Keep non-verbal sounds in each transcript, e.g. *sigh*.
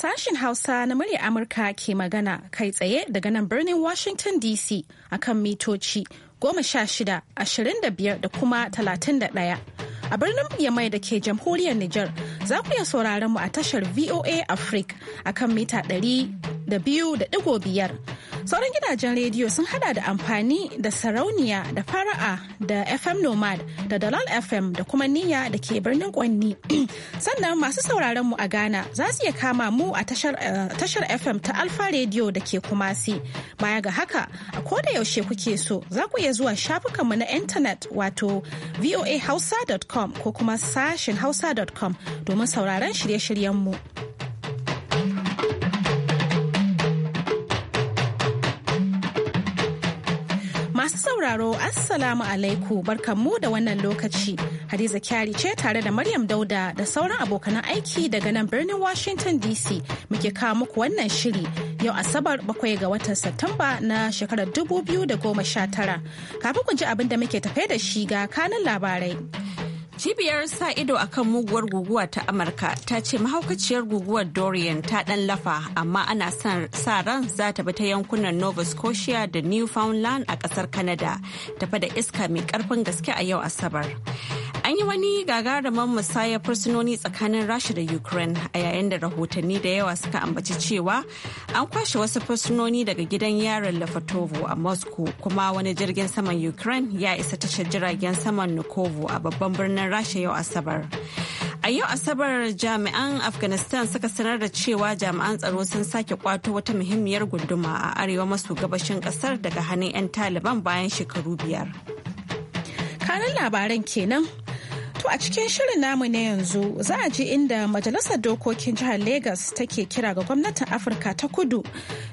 Sashen Hausa na murya Amurka ke magana kai tsaye daga nan birnin Washington DC akan mitoci goma sha shida, ashirin da biyar da kuma talatin da ɗaya. a birnin Yamai da ke jamhuriyar Nijar za ku iya sauraron mu a tashar VOA Africa a kan mita 200.5. Sauran gidajen rediyo sun hada da amfani da sarauniya da fara'a da FM Nomad da Dalal FM da kuma Niyya da ke birnin Kwanni. *clears throat* Sannan masu sauraron mu a Ghana za su iya kama mu a tashar eh, FM ta Alfa rediyo da ke Kumasi. Baya ga haka, a koda yaushe kuke so za ku iya zuwa shafukanmu na intanet wato voahausa.com hausa.com ko kuma sashen hausa.com domin sauraron shirye-shiryenmu. Masu sauraro, Assalamu alaikum barkanmu da wannan lokaci. Hadiza Kyari ce tare da Maryam Dauda da sauran abokanan aiki daga nan birnin Washington DC muke kawo muku wannan shiri yau Asabar bakwai ga watan Satumba na shekarar 2019. Kafin ku ji abin da muke tafai da shi ga kanan labarai. Cibiyar sa ido akan muguwar guguwa ta Amurka ta ce mahaukaciyar guguwar Dorian ta dan lafa amma ana sa ran za ta bi ta yankunan Nova Scotia da Newfoundland a kasar Canada tafa da iska mai karfin gaske a yau Asabar. An yi wani gagarumin musaya fursunoni tsakanin Rasha da Ukraine a yayin da rahotanni da yawa suka ambaci cewa an kwashe wasu fursunoni daga gidan yaron Lafatovo a Moscow kuma wani jirgin saman Ukraine ya isa tashar jiragen saman Nukovo a babban birnin Rasha yau Asabar. A yau Asabar jami'an Afghanistan suka sanar da cewa jami'an tsaro sun sake kwato wata muhimmiyar gunduma a arewa maso gabashin kasar daga hannun 'yan Taliban bayan shekaru biyar. Kanan labaran kenan To a cikin shirin namu na yanzu za a ji inda Majalisar Dokokin Jihar Legas take kira ga gwamnatin Afirka ta kudu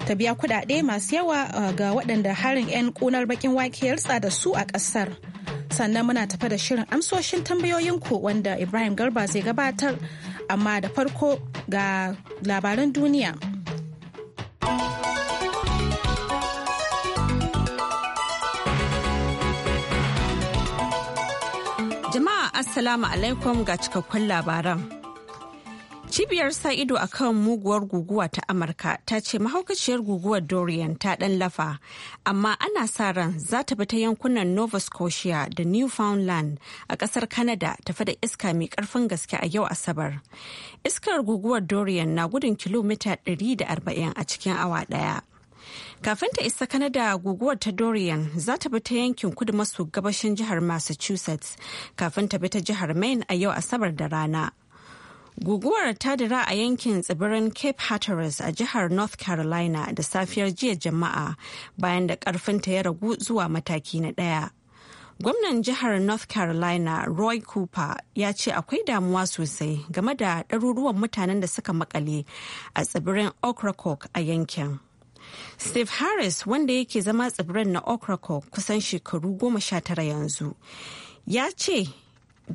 ta biya kudade masu yawa uh, ga waɗanda harin 'yan ƙunar bakin wake ya da su a ƙasar. Sannan muna tafa da shirin amsoshin tambayoyinku wanda Ibrahim Garba zai gabatar amma da farko ga labaran duniya. Assalamu alaikum ga cikakkun labaran. Cibiyar sa ido a kan muguwar guguwa ta Amurka ta ce mahaukaciyar guguwar Dorian ta ɗan lafa, amma ana sa ran za ta bi ta yankunan Nova Scotia da Newfoundland a ƙasar Canada ta da iska mai ƙarfin gaske a yau Asabar. Iskar guguwar Dorian na gudun kilomita 140 a cikin awa ɗaya. Kafin ta isa Kanada guguwar ta Dorian za ta bi ta yankin kudu maso gabashin jihar Massachusetts kafin ta bi ta jihar Maine a yau Asabar da rana. Guguwar ta dira a yankin tsibirin Cape Hatteras a jihar North Carolina da safiyar jiya jama'a bayan da karfinta ya ragu zuwa mataki na ɗaya. Gwamnan jihar North Carolina Roy Cooper ya ce akwai damuwa sosai game da ɗaruruwan mutanen da suka makale a tsibirin Ocracoke a yankin. Steve Harris wanda yake zama tsibirin na Okrako kusan shekaru goma sha tara yanzu. Ya ce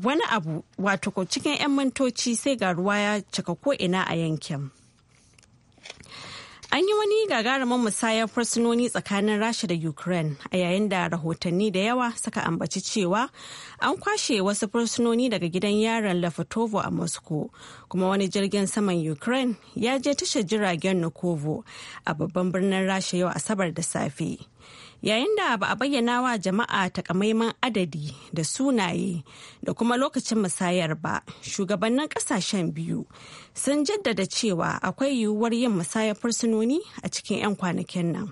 wani abu wato cikin 'yan mintoci sai ga ruwa ya cika ko ina a yankin. An yi wani gagarumin musayar fursunoni tsakanin Rasha da Ukraine a yayin da rahotanni da yawa suka ambaci cewa an kwashe wasu fursunoni daga gidan yaron Lafatovo a Moscow kuma wani jirgin saman Ukraine ya je tashar jiragen Nukovo a babban birnin Rasha yau Asabar da safe. yayin da ba a bayyana wa jama'a takamaiman adadi da sunaye da kuma lokacin musayar ba shugabannin kasashen biyu sun jaddada cewa akwai yiwuwar yin musayar fursunoni a cikin 'yan kwanakin nan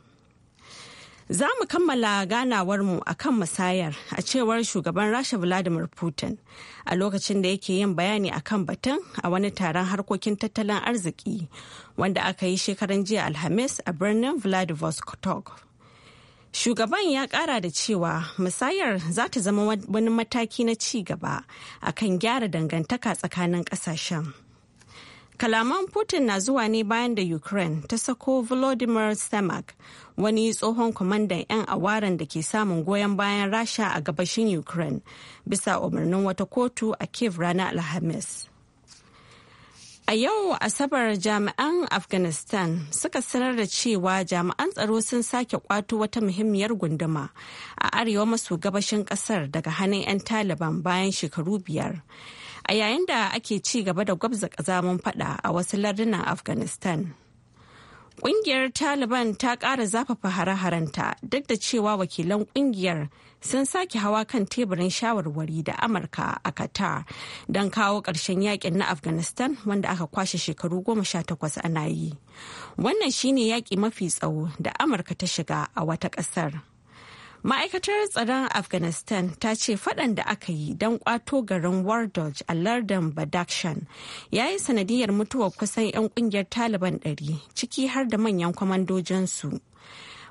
za mu kammala ganawarmu a kan musayar a cewar shugaban rasha vladimir putin a lokacin da yake yin bayani a kan batun a wani taron harkokin tattalin arziki wanda aka yi shekaran jiya alhamis a birnin vladivostok Shugaban ya kara da cewa musayar za ta zama wani mataki na ci gaba a kan gyara dangantaka tsakanin kasashen. Kalaman Putin na zuwa ne bayan da Ukraine ta sako Volodymyr Stemak, wani tsohon kwamandan 'yan awaren da ke samun goyon bayan Rasha a gabashin Ukraine, bisa umarnin wata kotu a Kiev ranar Alhamis. A yau Asabar jami'an Afghanistan suka sanar da cewa jami'an tsaro sun sake kwato wata muhimmiyar gunduma a arewa maso gabashin kasar daga hannun 'yan Taliban bayan shekaru biyar. A yayin da ake ci gaba da gwabza kazamin fada a wasu lardunan Afghanistan. Ƙungiyar Taliban ta ƙara zafafa hare-harenta duk da cewa wakilan ƙungiyar sun sake hawa kan teburin shawarwari da Amurka a Qatar don kawo ƙarshen yakin na Afghanistan wanda aka kwashe shekaru goma sha takwas ana yi. Wannan shine yaƙi mafi tsawo da Amurka ta shiga a wata ƙasar. ma'aikatar tsaron afghanistan ta ce faɗan da aka yi don kwato garin wardoj a lardin badakhshan ya yi sanadiyar mutuwar kusan 'yan kungiyar taliban ɗari ciki har da manyan kwamandojinsu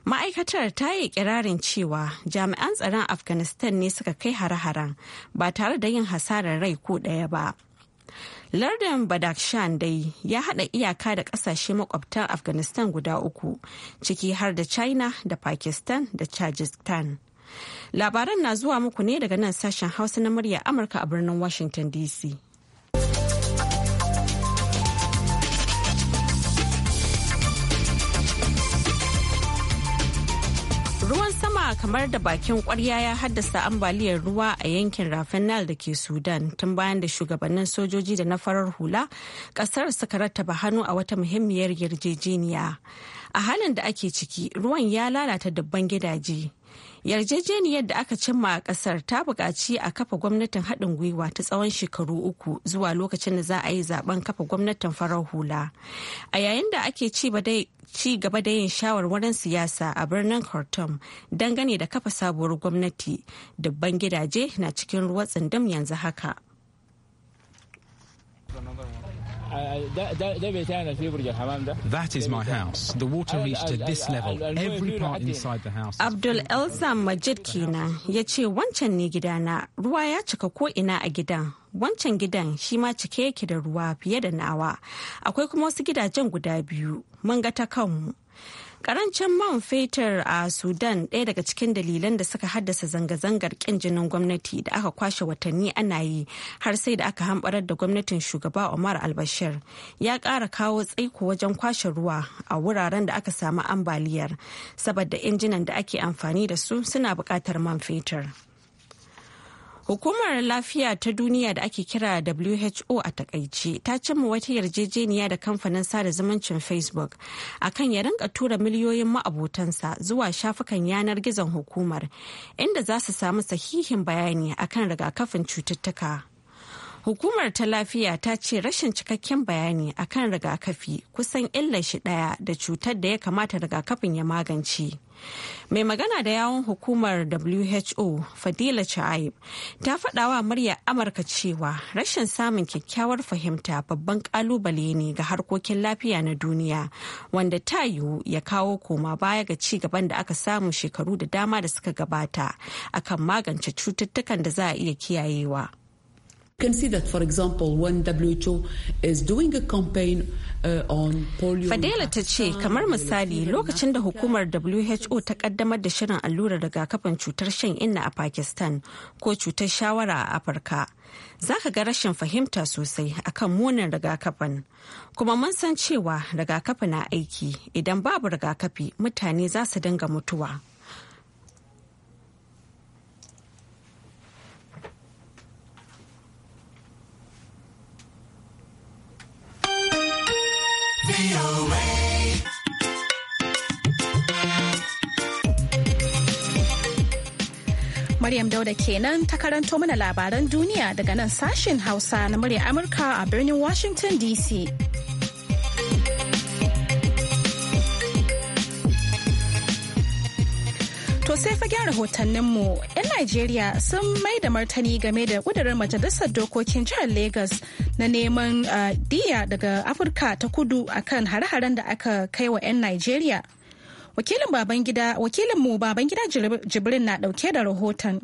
ma'aikatar ta yi kirarin cewa jami'an tsaron afghanistan ne suka kai hare-haren ba tare da yin hasarar rai ko ɗaya ba Lardin Badakhshan dai ya haɗa iyaka da ƙasashe makwabtan Afghanistan guda uku, ciki har da China da Pakistan da Tajikistan. Labaran na zuwa muku ne daga nan sashen Hausa na murya Amurka a birnin Washington DC. kamar da bakin kwarya ya haddasa ambaliyar ruwa a yankin rafin da ke sudan tun bayan da shugabannin sojoji da na farar hula kasar suka rattaba hannu a wata muhimmiyar yarjejeniya a halin da ake ciki ruwan ya lalata dubban gidaje yarjejeniyar da aka cimma a kasar ta buƙaci a kafa gwamnatin haɗin gwiwa ta tsawon shekaru uku zuwa lokacin da za a yi zaben kafa gwamnatin farar hula a yayin da ake ci gaba da yin shawarwarin siyasa a birnin khartoum dangane da kafa sabuwar gwamnati dubban gidaje na cikin ruwa tsundum yanzu haka That is my house. The water reached to this level. Every part inside the house. Abdul Elza Majid kenan ya ce wancan ne gidana ruwa ya cika ko ina a gidan. Wancan gidan shi ma cike yake da ruwa fiye da nawa. Akwai kuma wasu gidajen guda biyu. Mun ga ta kanmu. Karancin man fetur a Sudan ɗaya daga cikin dalilan da suka haddasa zanga-zangar ƙin jinin gwamnati da aka kwashe watanni ana yi har sai da aka hamɓarar da gwamnatin shugaba Omar al-Bashir ya ƙara kawo tsaiko wajen kwashe ruwa a wuraren da aka samu ambaliyar saboda injinan da ake amfani da su suna buƙatar man fetur. Hukumar lafiya ta duniya da ake kira WHO a takaice ta cimma wata yarjejeniya da kamfanin sada zumuncin Facebook a kan ya rinka tura miliyoyin ma'abotansa zuwa shafukan yanar gizon hukumar inda za su samu sahihin bayani akan rigakafin cututtuka. Hukumar ta lafiya ta ce rashin cikakken bayani akan rigakafi kusan illar shi ɗaya da cutar da ya kamata rigakafin ya magance. Mai magana da yawon hukumar WHO Fadila Cha'aib ta faɗawa murya Amurka cewa rashin samun kyakkyawar fahimta babban ƙalubale ne ga harkokin lafiya na duniya wanda ta yiwu ya kawo koma baya ga ci gaban da aka samu shekaru da dama da suka gabata akan magance cututtukan da za a iya kiyayewa. can see that, for example, is doing a uh, Fadela ta ce, kamar uh, misali lokacin da hukumar WHO ta kaddamar da shirin allurar rigakafin cutar shan inna a Pakistan ko cutar shawara a Afirka. Za ka ga rashin fahimta sosai akan munin rigakafin. Kuma mun san cewa rigakafi na aiki, idan babu rigakafi mutane za su dinga mutuwa. Maryam Dauda kenan ta karanto mana labaran duniya daga nan sashen Hausa na murya Amurka a birnin Washington DC. sai fagen rahotanninmu 'yan najeriya sun mai da martani game da kudurin majalisar dokokin jihar lagos na neman uh, diya daga afirka ta kudu akan hare-haren da aka kai wa 'yan najeriya wakilinmu babangida jibrin na dauke da rahoton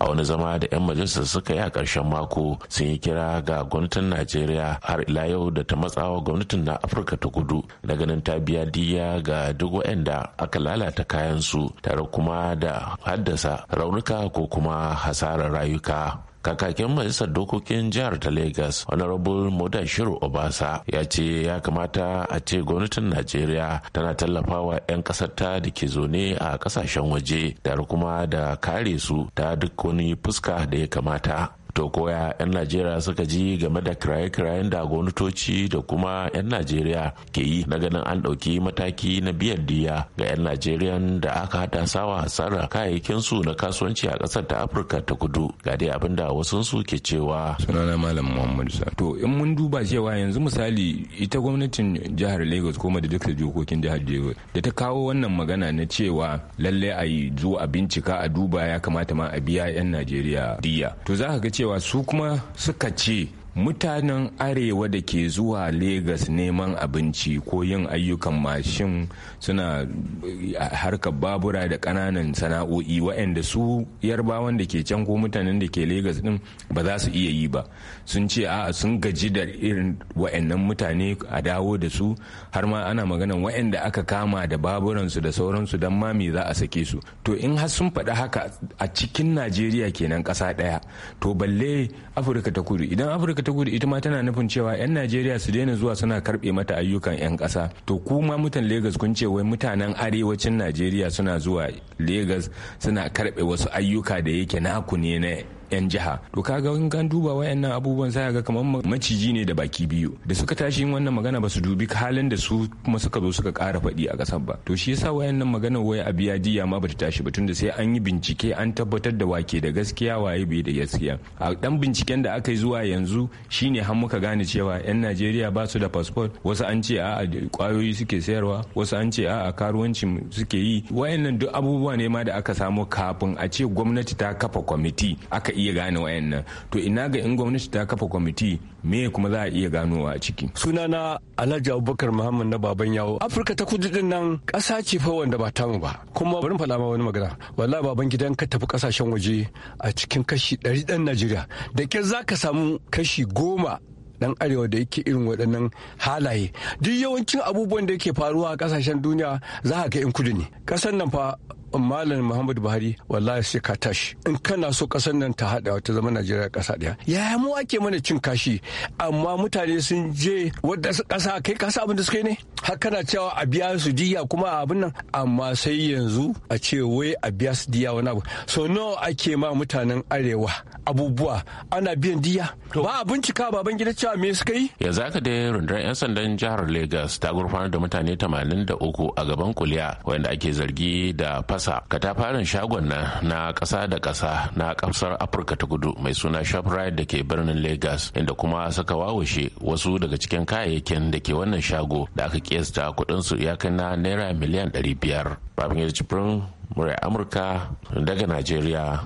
a wani zama da 'yan majalisar suka yi a ƙarshen mako sun yi kira ga gwamnatin najeriya har ila yau da ta matsawa gwamnatin na afirka ta kudu na ganin ta biya diya ga duk waɗanda aka lalata kayansu tare kuma da haddasa raunuka ko kuma hasarar rayuka kakakin majalisar dokokin jihar ta lagos honorable Shiro obasa ya ce ya kamata a ce gwamnatin najeriya tana tallafawa 'yan kasar ta da ke zaune a kasashen waje da kuma da kare su ta duk wani fuska da ya kamata to koya 'yan najeriya suka ji game da kiraye-kirayen da gwamnatoci da kuma 'yan najeriya ke yi na ganin an ɗauki mataki na biyan diya ga 'yan najeriya da aka hada sawa hasara kayayyakin su na kasuwanci a kasar ta afirka ta kudu ga dai abin da wasu su ke cewa sunana malam muhammadu sa to in mun duba cewa yanzu misali ita gwamnatin jihar lagos ko da jokokin jihar lagos da ta kawo wannan magana na cewa lallai a yi zo a bincika a duba ya kamata ma a biya 'yan najeriya diya to za ka ga cewa cewa su kuma suka ce mutanen arewa da ke zuwa Legas neman abinci ko yin ayyukan mashin suna eh, harkar babura da kananan sana'o'i waɗanda su yarbawan da ke can ko mutanen da ke Legas din ba za su iya yi ba sun ce a sun gaji da irin waɗannan mutane a dawo da su har ma ana magana waɗanda aka kama da baburansu da sauransu don ma me za a sake su to in har sun faɗi haka a cikin Najeriya kenan ƙasa ɗaya to balle Afirka ta kudu idan Afirka ta gudu ita ma tana nufin cewa 'yan najeriya su daina zuwa suna karbe mata ayyukan 'yan ƙasa to kuma mutan legas kun ce wai mutanen arewacin najeriya suna zuwa legas suna karbe wasu ayyuka da yake naku ne na 'yan jiha to kaga in kan duba wayannan abubuwan sai ga kamar maciji ne da baki biyu da suka tashi yin wannan magana ba su dubi halin da su kuma suka zo suka kara faɗi a ƙasar ba to shi yasa wayannan magana waya a biya diya ma bata tashi ba tunda sai an yi bincike an tabbatar da wake da gaskiya waye bai da gaskiya a dan binciken da aka yi zuwa yanzu shine har muka gane cewa 'yan Najeriya ba su da fasfot wasu an ce a'a kwayoyi suke sayarwa wasu an ce a'a karuwanci suke yi wayannan duk abubuwa ne ma da aka samu kafin a ce gwamnati ta kafa kwamiti aka iya gane wayannan to ina ga in gwamnati ta kafa kwamiti me kuma za a iya ganowa a ciki sunana alhaji abubakar muhammad na baban yawo afirka ta kudu din nan ƙasa ce fa wanda ba tamu ba kuma bari faɗa ma wani magana wallahi baban gidan ka tafi kasashen waje a cikin kashi ɗari ɗan najeriya da ke za ka samu kashi goma dan arewa da yake irin waɗannan halaye duk yawancin abubuwan da yake faruwa a ƙasashen duniya za ka ga in kudu ne ƙasar nan fa malam muhammadu buhari wallahi sai ka tashi in kana so kasar nan ta hada wata zama najeriya kasa daya yaya mu ake mana cin kashi amma mutane sun je wadda kasa kai kasa abin da suka yi ne har kana cewa a biya su diya kuma abin nan amma sai yanzu a ce wai a biya su diya wani abu so nawa ake ma mutanen arewa abubuwa ana biyan diya ba a bincika ban gida cewa me suka yi yanzu haka dai rundunar yan sandan jihar lagos ta gurfanar da mutane 83 a gaban kuliya wanda ake zargi da masa katafaren shagon nan na kasa da kasa na ƙasar afirka ta kudu mai suna shoprite da ke birnin lagos inda kuma suka wawashe wasu daga cikin kayayyakin da ke wannan shago da aka kiyasta kuɗinsu ya kai na naira miliyan 500 babin yarjibirin murai amurka daga najeriya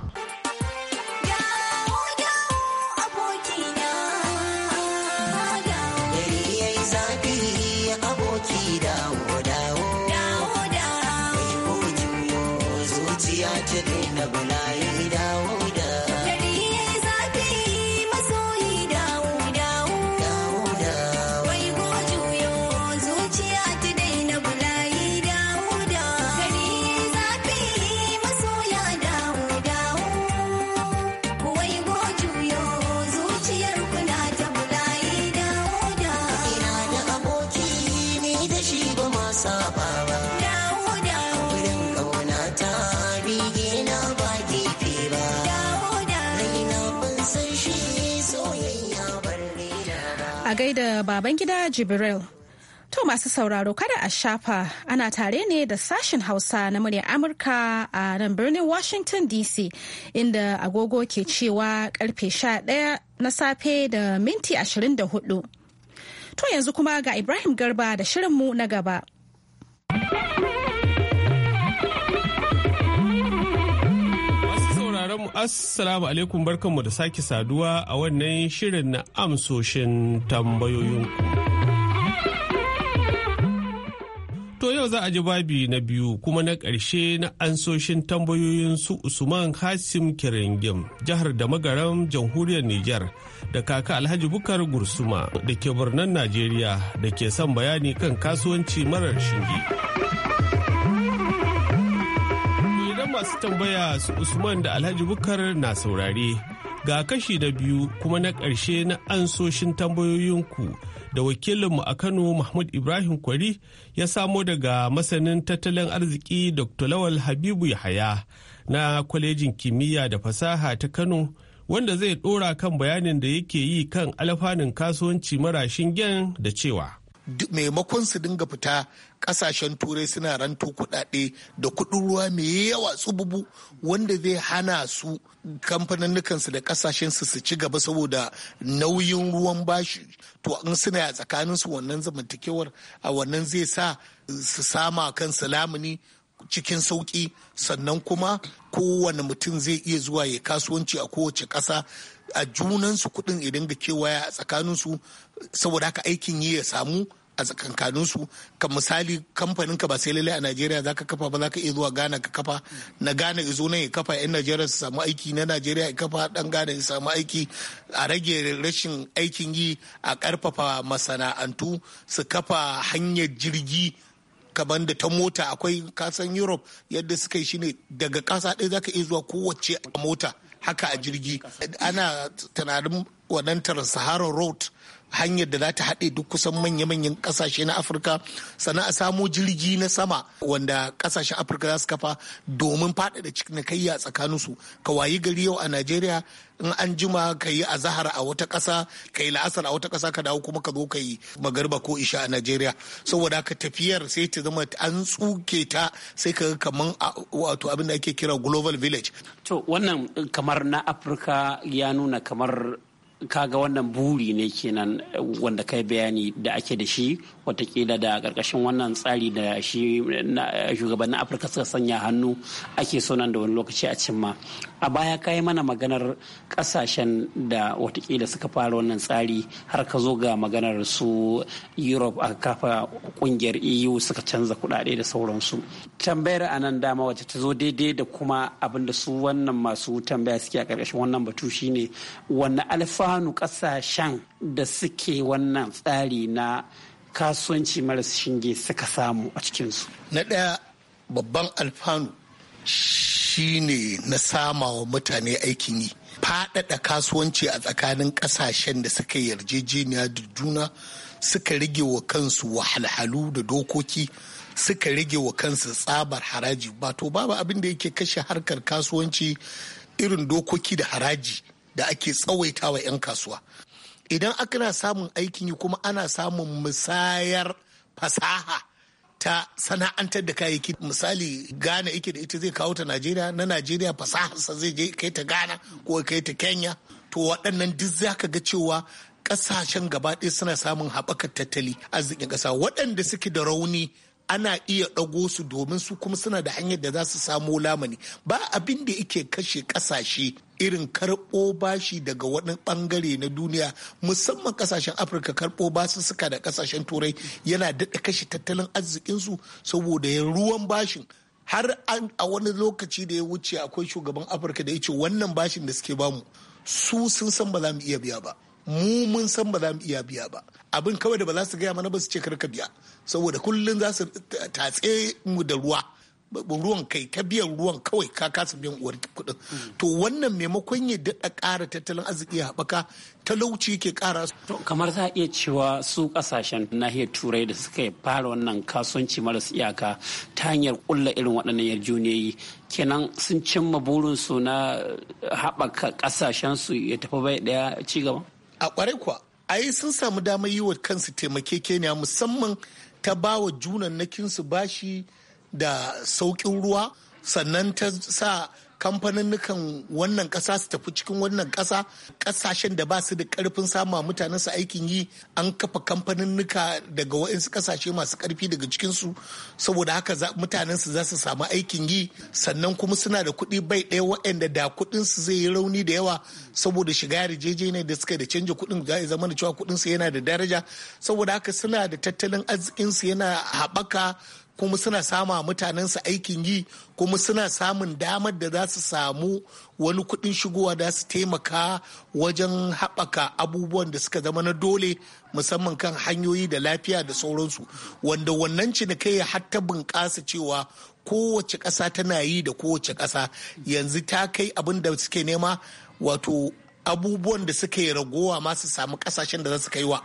da da baban gida Jibril. To masu sauraro kada a shafa ana tare ne da sashen Hausa na muryar Amurka a nan birnin Washington DC inda agogo ke cewa karfe 11 na safe da minti 24. To yanzu kuma ga Ibrahim Garba da shirinmu na gaba. sauraron assalamu alaikum barkanmu da sake saduwa a wannan shirin na amsoshin tambayoyin. To yau za a ji babi na biyu kuma na ƙarshe na ansoshin tambayoyin su Usman Hasim Kiringim, jihar da magaram jamhuriyar Nijar da kaka Alhaji Bukar Gursuma da ke birnin Najeriya da ke son bayani kan kasuwanci marar shinge. masu tambaya su Usman da Alhaji Bukar na saurare. Ga kashi da biyu kuma na ƙarshe na ansoshin tambayoyinku da wakilinmu a Kano Mahmud Ibrahim Kwari ya samo daga masanin tattalin arziki Dr. Lawal Habibu Yahaya na kwalejin kimiyya da fasaha ta Kano wanda zai ɗora kan bayanin da yake yi kan alfanun kasuwanci marashin gen da cewa. maimakon su dinga fita kasashen turai suna ranto kudade da kudin ruwa mai yawa tsububu wanda zai hana su su da kasashen su su ci gaba saboda nauyin ruwan bashi to in suna a tsakanin su wannan zamantakewar a wannan zai sa su sama kan lamuni cikin sauki sannan kuma kowane mutum zai iya zuwa ya kasuwanci a kowace ƙasa a junansu kudin idan ga kewaya a tsakaninsu saboda haka aikin yi ya samu a tsakankaninsu ka misali kamfanin ka ba sai lalle a najeriya za ka kafa ba za ka iya zuwa ghana ka kafa na ghana izo nan ya kafa yan najeriya su samu aiki na najeriya ya kafa dan ghana ya samu aiki a rage rashin aikin yi a karfafa masana'antu su kafa hanyar jirgi kamar da ta mota akwai kasan europe yadda suka yi shine daga kasa ɗaya za ka iya zuwa kowace a mota haka a jirgi ana tunanin wadantar sahara road hanyar da za ta haɗe duk kusan manya-manyan ƙasashe na afirka sannan a samo jirgi na sama wanda ƙasashen afirka za su kafa domin faɗaɗa kaiya tsakanin su. ka wayi gari yau a najeriya in an jima ka yi a zahar a wata ƙasa ka yi la'asar a wata ƙasa ka dawo kuma ka zo ka yi magarba ko isha a najeriya saboda haka tafiyar sai ta zama an tsuke ta sai ka kaman wato abin da ake kira global village to wannan kamar na afirka ya nuna kamar kaga wannan buri ne kenan eh, wanda kai bayani da ake da shi watakila da karkashin wannan tsari da shi shugabannin afirka suka sanya hannu ake so nan da wani lokaci a cimma a baya kayi mana maganar kasashen da watakila suka fara wannan tsari har ka zo ga maganar su europe aka kafa kungiyar eu suka canza kudade da sauransu tambayar a nan dama wacce ta zo daidai da kuma abin da su wannan masu tambaya suke a karkashin wannan batu shine wani alfanu kasashen da suke wannan tsari na kasuwanci mara shinge suka samu a cikinsu. Na ɗaya babban alfanu shi ne na sama wa mutane aikin yi. Faɗaɗa kasuwanci a tsakanin ƙasashen da suka yarjejeniya da juna suka rage wa kansu wahalhalu da dokoki suka rage wa kansu tsabar haraji ba to babu abin da yake kashe harkar kasuwanci irin dokoki da haraji da ake tsawaita wa 'yan kasuwa. idan aka na samun aikin yi kuma ana samun musayar fasaha ta sana'antar da kayayyaki misali ghana yake da ita zai kawo ta najeriya na najeriya fasaharsa zai je kai ta ghana ko kai ta kenya to waɗannan duk za ka ga cewa ƙasashen gaba ɗaya suna samun haɓakar tattali arzikin ƙasa waɗanda suke da rauni ana iya ɗago su domin su kuma suna da hanyar da za su samo lamani ba abin da yake kashe kasashe irin karɓo bashi daga wani ɓangare na duniya musamman ƙasashen afirka karɓo basu suka da ƙasashen turai yana daɗa kashe tattalin arzikinsu saboda ruwan bashin har a wani lokaci da ya wuce akwai shugaban afirka da ya ce wannan bashin da suke bamu su sun san ba za mu iya biya ba mu mun san ba za mu iya biya ba abin kawai da ba za su gaya mana ba su ce karka biya saboda kullum za su tatse mu da ruwa ruwan kai ka biyan ruwan kawai ka kasa biyan uwar kuɗin mm. to wannan maimakon ya daɗa ƙara tattalin arziki ya haɓaka talauci yake ƙara to kamar za a iya cewa su ƙasashen nahiyar turai da suka fara wannan kasuwanci maras iyaka ta hanyar ƙulla irin waɗannan yarjuniyoyi kenan sun cimma burinsu na haɓaka su ya tafi bai ɗaya ci gaba a kwarai kuwa ai sun samu damar yi wa kansu taimakekeniya musamman ta ba wa junannakinsu bashi da sauƙin ruwa sannan ta sa kamfaninnukan wannan kasa su tafi cikin wannan kasa. kasashen da ba su da karfin sama mutanen su aikin yi an kafa kamfaninnuka daga waɗansu kasashe masu karfi daga cikinsu saboda haka mutanen su za su samu aikin yi sannan kuma suna da kuɗi bai ɗaya waɗanda da kuɗin su zai yi rauni da yawa saboda shiga yarjejeniyar da suka da canja kuɗin ga ya zama da cewa kuɗin su yana da daraja saboda haka suna da tattalin arzikin su yana haɓaka kuma suna sama su aikin yi kuma suna samun damar da za su samu wani kuɗin shigowa da su taimaka wajen haɓaka abubuwan da suka zama na dole musamman kan hanyoyi da lafiya da sauransu wanda wannan cinikai har ta bunƙasa cewa kowace ƙasa tana yi da kowace ƙasa yanzu ta kai abin da suke nema wato abubuwan da suka yi ragowa ma su samu ƙasashen da za su kai wa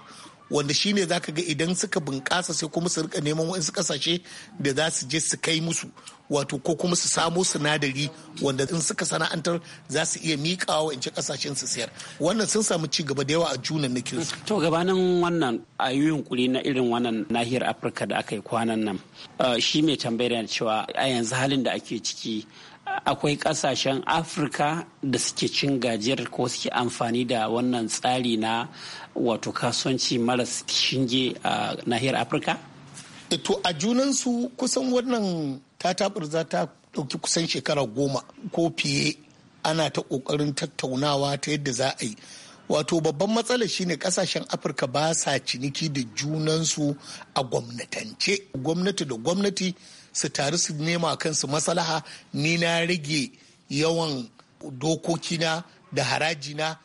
wanda shine zaka ga idan suka bunƙasa sai kuma su rika neman wasu kasashe da za su je su kai musu wato ko kuma su samo sinadari wanda in suka sana'antar za su iya miƙawa wa ince kasashen su sayar wannan sun samu ci gaba da yawa a junan na su. to gabanin wannan a yi yunkuri na irin wannan nahiyar afirka da aka yi kwanan nan eh, shi mai tambayar cewa a yanzu halin da ake ciki akwai kasashen afirka da suke cin gajiyar ko suke amfani da wannan tsari na wato kasuwanci maras shinge a nahiyar afirka e, to a junansu kusan wannan ta za ta ɗauki kusan shekara goma ko fiye ana ta ƙoƙarin tattaunawa ta yadda za a yi wato babban matsalar shine kasashen afirka ba sa ciniki da junansu a gwamnatance gwamnati da gwamnati su taru su nema kansu maslaha ni na rage yawan dokokina da harajina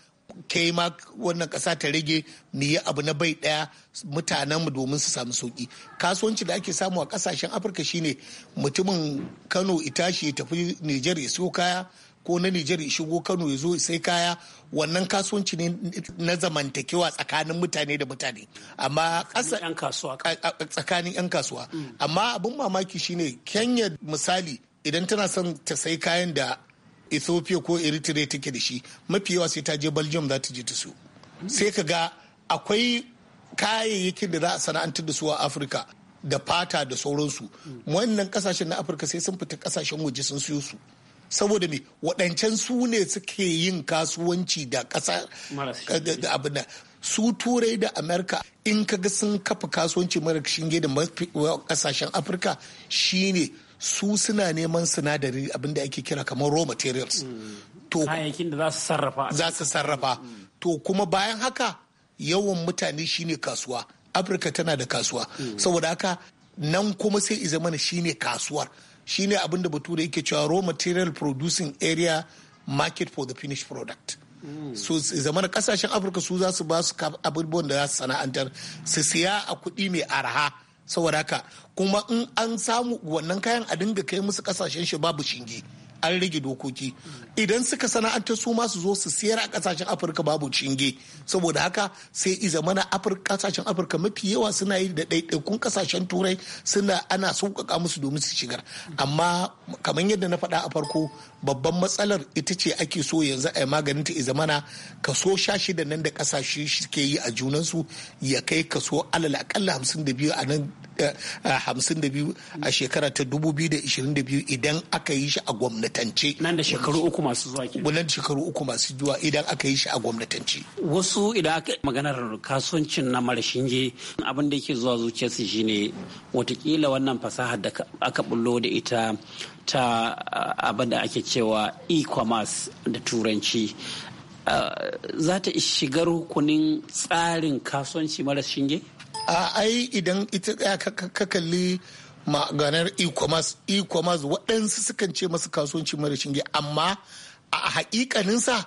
kai ma wannan ƙasa ta rage mu yi abu na bai ɗaya mutanenmu domin su samu sauƙi kasuwanci da ake samu a ƙasashen afirka shine mutumin kano itashi ya tafi nijar ya siyo kaya ko na Nijar ya shigo Kano ya zo sai kaya wannan kasuwanci ne na zamantakewa tsakanin mutane da mutane amma tsakanin 'yan kasuwa amma abin mamaki shine Kenya misali idan tana son ta sai kayan da Ethiopia ko Eritrea take da shi mafi yawa sai ta je Belgium za ta je ta su sai ka ga akwai kayayyakin da za a sana'antar da su a Afirka da fata da sauransu wannan kasashen na Afirka sai sun fita kasashen waje sun siyo su saboda me waɗancan su ne suke yin kasuwanci da ƙasa abin da su turai da amerika in kaga sun kafa kasuwanci mara shinge da ƙasashen afirka shine su suna neman sinadari abin ake kira kamar raw materials mm. to kayayyakin da za su sarrafa za su sarrafa mm. to kuma bayan haka yawan mutane shine kasuwa afirka tana da kasuwa mm. saboda haka nan kuma sai izamana shine kasuwar shine abin da bature yake cewa raw material producing area market for the finished product so zamana kasashen afirka su za su ba su abubuwan da za su sana'antar su siya a kuɗi mai arha saboda haka kuma in an samu wannan kayan a dinga kai musu kasashen shi babu shinge an rage dokoki idan suka sana'antar su ma su zo su siyar a kasashen afirka babu cinge saboda haka sai iza mana kasashen afirka mafi yawa suna yi da ɗaiɗaikun kasashen turai suna ana sauƙaƙa musu domin su shigar amma kamar yadda na faɗa a farko babban matsalar ita ce ake so yanzu a maganin ta iza mana kaso sha shida nan da kasashe suke yi a junansu ya kai kaso alal akalla hamsin da biyu a nan 52 a shekara ta 2022 idan aka yi shi a gwamnatance nan da shekaru uku masu zuwa ke nan da shekaru uku masu zuwa idan aka yi shi a gwamnatance wasu idan aka maganar kasuwancin na je abin da yake zuwa zuciyarsu ne, watakila wannan fasahar da aka bullo da ita ta abin da ake cewa e-commerce da turanci Uh, za ta shigar rukunin tsarin kasuwanci mara shinge? a ai idan ita ka kalli maganar e-commerce e-commerce waɗansu sukan ce masu kasuwanci mara shinge amma a haƙiƙaninsa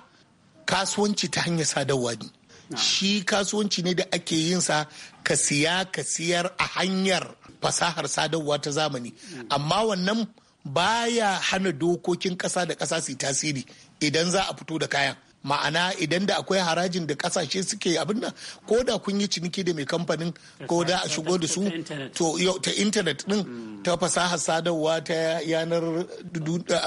kasuwanci ta hanyar sadarwa ne ah. shi kasuwanci ne da ake yin sa ka siya ka siyar a hanyar fasahar sadarwa ta zamani hmm. amma wannan baya hana dokokin ƙasa da ƙasa su tasiri idan za a fito da kayan ma'ana idan da akwai harajin da kasashe suke abin nan ko da kun yi ciniki da mai kamfanin ko da a shigo da su ta intanet din ta fasahar sadarwa ta yanar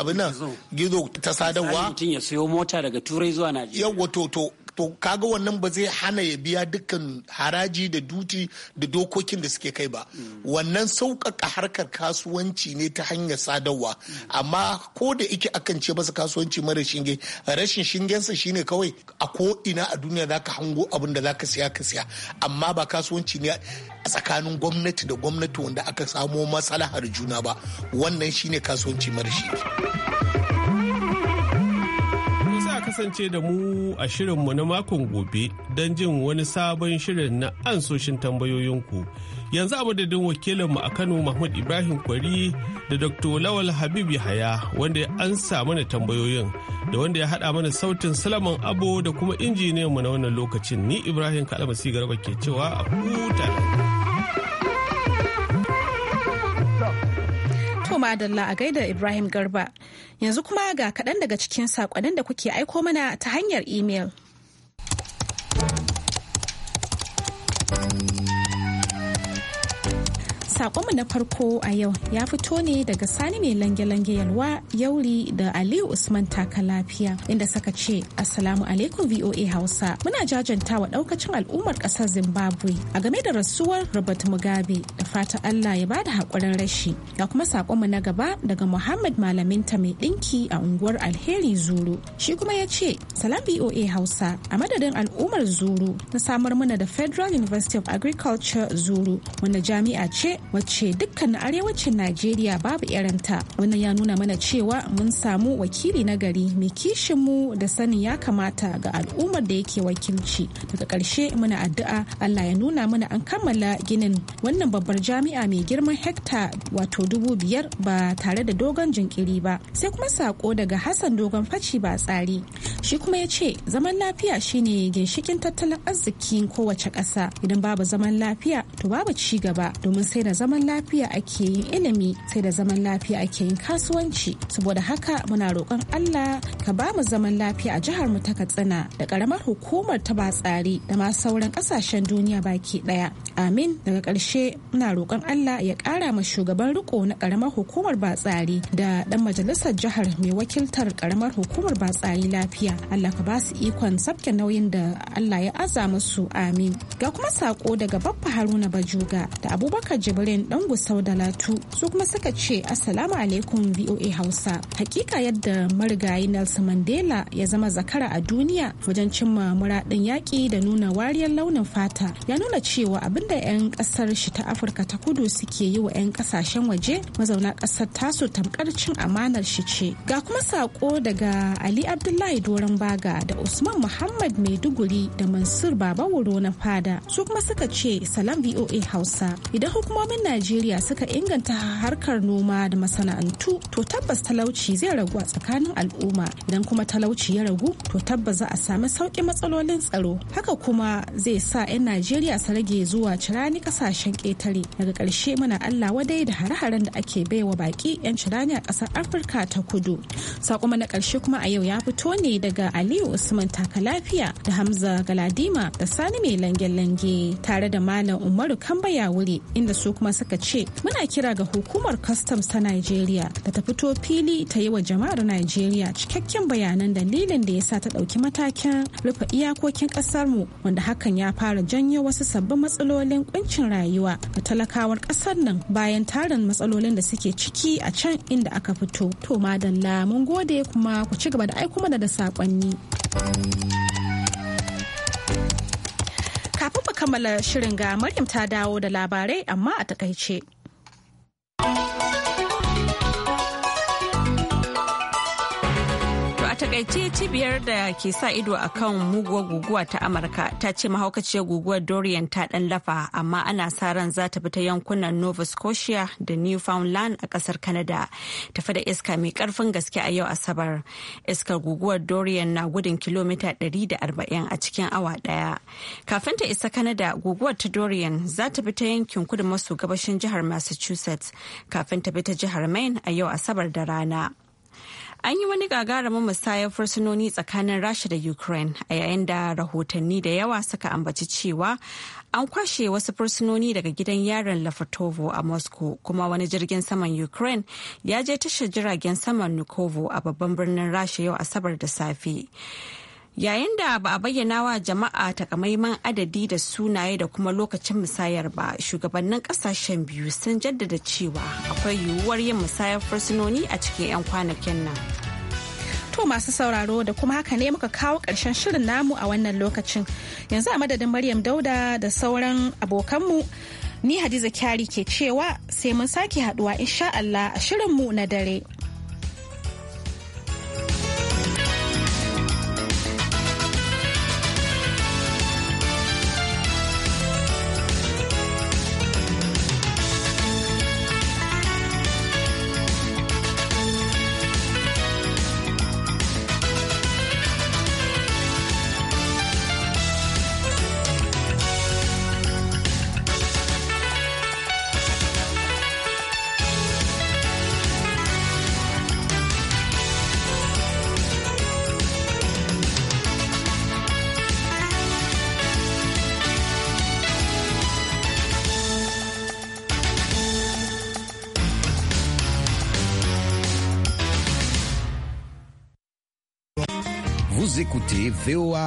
abin nan gizo ta sadarwa mutum ya siyo mota daga turai zuwa najeriya yawa to to to kaga wannan ba zai hana ya biya dukkan haraji da duti da dokokin da suke kai ba wannan sauƙaƙa harkar kasuwanci ne ta hanyar sadarwa amma ko da ike akan ce masa kasuwanci mara shinge rashin shingensa shine kawai a ko ina a duniya zaka hango abin da zaka siya ka siya amma ba kasuwanci ne a tsakanin gwamnati da gwamnati wanda aka samo masalahar juna ba wannan shine kasuwanci mara shinge kasance da mu a shirinmu na makon gobe don jin wani sabon shirin na ansoshin tambayoyinku. Yanzu a madadin wakilinmu a Kano Mahmud Ibrahim Kwari da Dr. Lawal Habib Yahaya wanda ya ansa mana tambayoyin da wanda ya haɗa mana sautin Salaman Abo da kuma injiniyanmu na wannan lokacin ni Ibrahim Kalamasi Garba ke cewa a huta. kuma madalla a gaida Ibrahim Garba. Yanzu kuma ga kaɗan daga cikin saƙonin da kuke aiko mana ta hanyar imel. Sakonmu na farko a yau ya fito ne daga Sani mai lange-lange yalwa yauri da Aliyu Usman taka lafiya inda saka ce Assalamu alaikum VOA Hausa. Muna jajantawa ɗaukacin al'ummar ƙasar Zimbabwe a game da rasuwar Robert Mugabe da fatan Allah ya bada haƙurin rashi. Ga kuma sakonmu na gaba daga Muhammad Malaminta mai ɗinki a unguwar Alheri Zuru. Shi kuma ya ce Salam VOA Hausa a madadin al'ummar Zuru na samar mana da Federal University of Agriculture Zuru wanda jami'a ce wacce dukkan arewacin najeriya babu yaranta wannan ya nuna mana cewa mun samu wakili na gari mai kishinmu da sani ya kamata ga al'ummar da yake wakilci daga ƙarshe muna addu'a allah ya nuna mana an kammala ginin wannan babbar jami'a mai girman hekta wato dubu biyar ba tare da dogon jinkiri ba sai kuma sako daga hassan dogon faci ba tsari shi kuma ya ce zaman lafiya shine ginshikin tattalin arzikin kowace ƙasa idan babu zaman lafiya to babu ci gaba domin sai da zaman lafiya ake yin ilimi sai da zaman lafiya ake yin kasuwanci saboda haka muna roƙon allah ka ba mu zaman lafiya a jihar mu ta katsina da karamar hukumar ta batsari da ma sauran ƙasashen duniya baki ɗaya amin daga ƙarshe muna roƙon allah ya ƙara ma shugaban riko na karamar hukumar batsari da ɗan majalisar jihar mai wakiltar ƙaramar hukumar batsari lafiya allah ka ba su ikon sabke nauyin da allah ya aza musu amin ga kuma sako daga babba haruna bajuga da abubakar jibril Maryam Dangusau da Latu su kuma suka ce Assalamu alaikum VOA Hausa. Hakika yadda marigayi Nelson Mandela ya zama zakara a duniya wajen cimma muradin yaƙi da nuna wariyar launin fata ya nuna cewa abinda 'yan ƙasar shi ta Afirka ta kudu suke yi wa 'yan ƙasashen waje mazauna ƙasar tasu tamkar cin amanar shi ce. Ga kuma saƙo daga Ali Abdullahi Doron Baga da Usman Muhammad Maiduguri da Mansur Baba Wuro na fada su kuma suka ce salam VOA Hausa. Idan hukumomin yan najeriya suka inganta harkar noma da masana'antu to tabbas talauci zai ragu a tsakanin al'umma idan kuma talauci ya ragu to tabbas za a sami sauƙin matsalolin tsaro haka kuma zai sa 'yan najeriya su rage zuwa cirani kasashen ƙetare daga ƙarshe muna allah wadai da hare-haren da ake baiwa baƙi 'yan cirani a ƙasar afirka ta kudu sako na ƙarshe kuma a yau ya fito ne daga aliyu usman taka lafiya da hamza galadima da sani mai lange-lange tare da malam umaru kambaya wuri inda su kuma kuma suka ce muna kira ga hukumar customs ta Najeriya da ta fito fili ta yi wa jama'ar Najeriya cikakken bayanan dalilin da ya sa ta ɗauki matakin rufe iyakokin ƙasarmu wanda hakan ya fara janyo wasu sabbin matsalolin kuncin rayuwa ga talakawar ƙasar nan bayan tarin matsalolin da suke ciki a can inda aka fito. To madalla mun gode kuma ku ci gaba da aiko mana da saƙonni. kammala shirin ga Maryam ta dawo da labarai amma a takaice. takaice cibiyar da ke sa ido a kan muguwar guguwa ta amurka ta ce mahaukaciyar guguwar dorian ta dan lafa amma ana sa ran za ta ta yankunan nova scotia da newfoundland a kasar canada tafi da iska mai karfin gaske a yau asabar iskar guguwar dorian na gudun kilomita 140 a cikin awa daya kafin ta isa canada guguwar ta dorian za ta ta yankin kudu maso gabashin jihar massachusetts kafin ta bi ta jihar maine a yau asabar da rana An yi wani gagarumin musayar fursunoni tsakanin Rasha da Ukraine a yayin da rahotanni da yawa suka ambaci cewa an kwashe wasu fursunoni daga gidan yaron Lafatovo a Moscow kuma wani jirgin saman Ukraine ya je tashar jiragen saman Nukovo a babban birnin Rasha yau Asabar da safe. yayin da ba a bayyana wa jama'a takamaiman adadi da sunaye da kuma lokacin musayar ba shugabannin kasashen biyu sun jaddada cewa akwai yiwuwar yin musayar fursunoni a cikin 'yan kwanakin nan to masu sauraro da kuma haka ne muka kawo ƙarshen shirin namu a wannan lokacin yanzu a madadin maryam dauda da sauran abokanmu ni hadiza kyari ke cewa sai mun sake haduwa insha allah a shirinmu na dare VOA